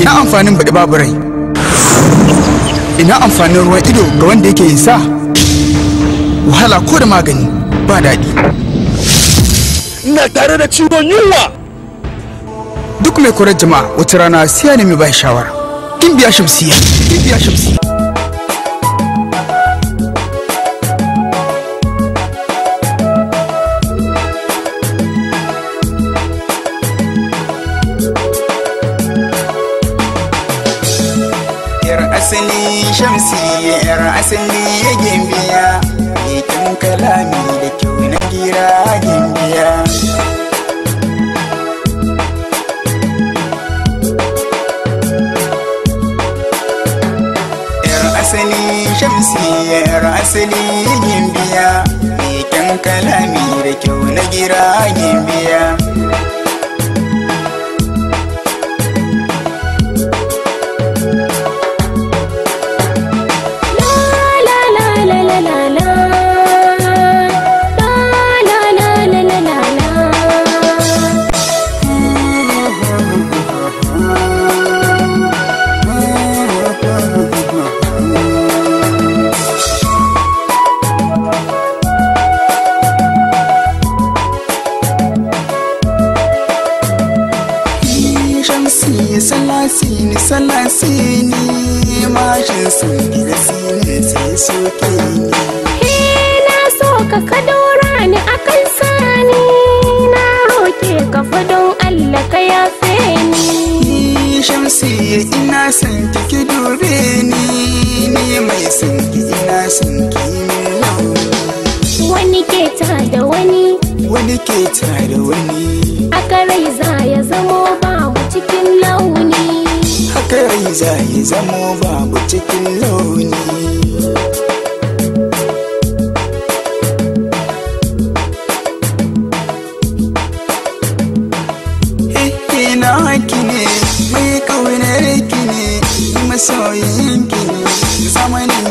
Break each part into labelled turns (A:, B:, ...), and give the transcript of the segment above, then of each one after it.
A: ina amfanin baɗi babu rai ina amfanin ruwan ido ga wanda yake yin sa wahala ko da magani ba daɗi ina tare da ciwon yunwa duk mai korar jama'a wata rana siya ne mai ba shawara kin biya shamsiya kin biya shamsiya asali shamsi yar asali ya gimbiya ikin kalami da kyau na gira gimbiya yar asali shamsi yar asali ya gimbiya ikin kalami da kyau na gira gimbiya salasi salasi ni salasi ni mashin sun gida sai soke ni he na so ka ka dora ni akan sani na roke ka fadon Allah ka yafe ni shamsi ina san ki dore ni ni mai san ki ina san ki wani ke ta da wani wani ke ta da wani akarai za ya zamo ba cikin launi haka rai zai zamo babu cikin launi Ina haki mai kaunar ki zamanin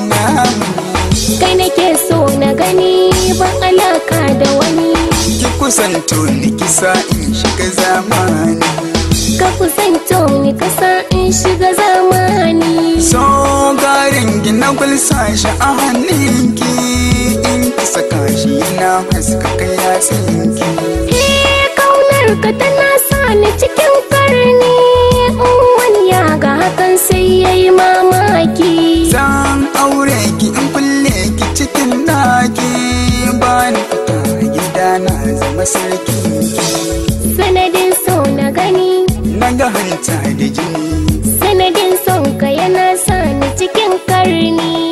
A: Kai nake so na gani ban alaka da wani. Ki kusanto ni kisa in shiga zamani. zan toni kasa in shiga zamani son garin gina gulsa shi a hannunki in ki saka shi yana haskaka yatsinki eh kaunar ka tana sa ni cikin karni In ya ga hakan sai yayi mamaki zan aure ki in kulle ki cikin daki ba ni fita gidana zama sarki sanadin ga hanta da jini sanadin sauka yana sani cikin karni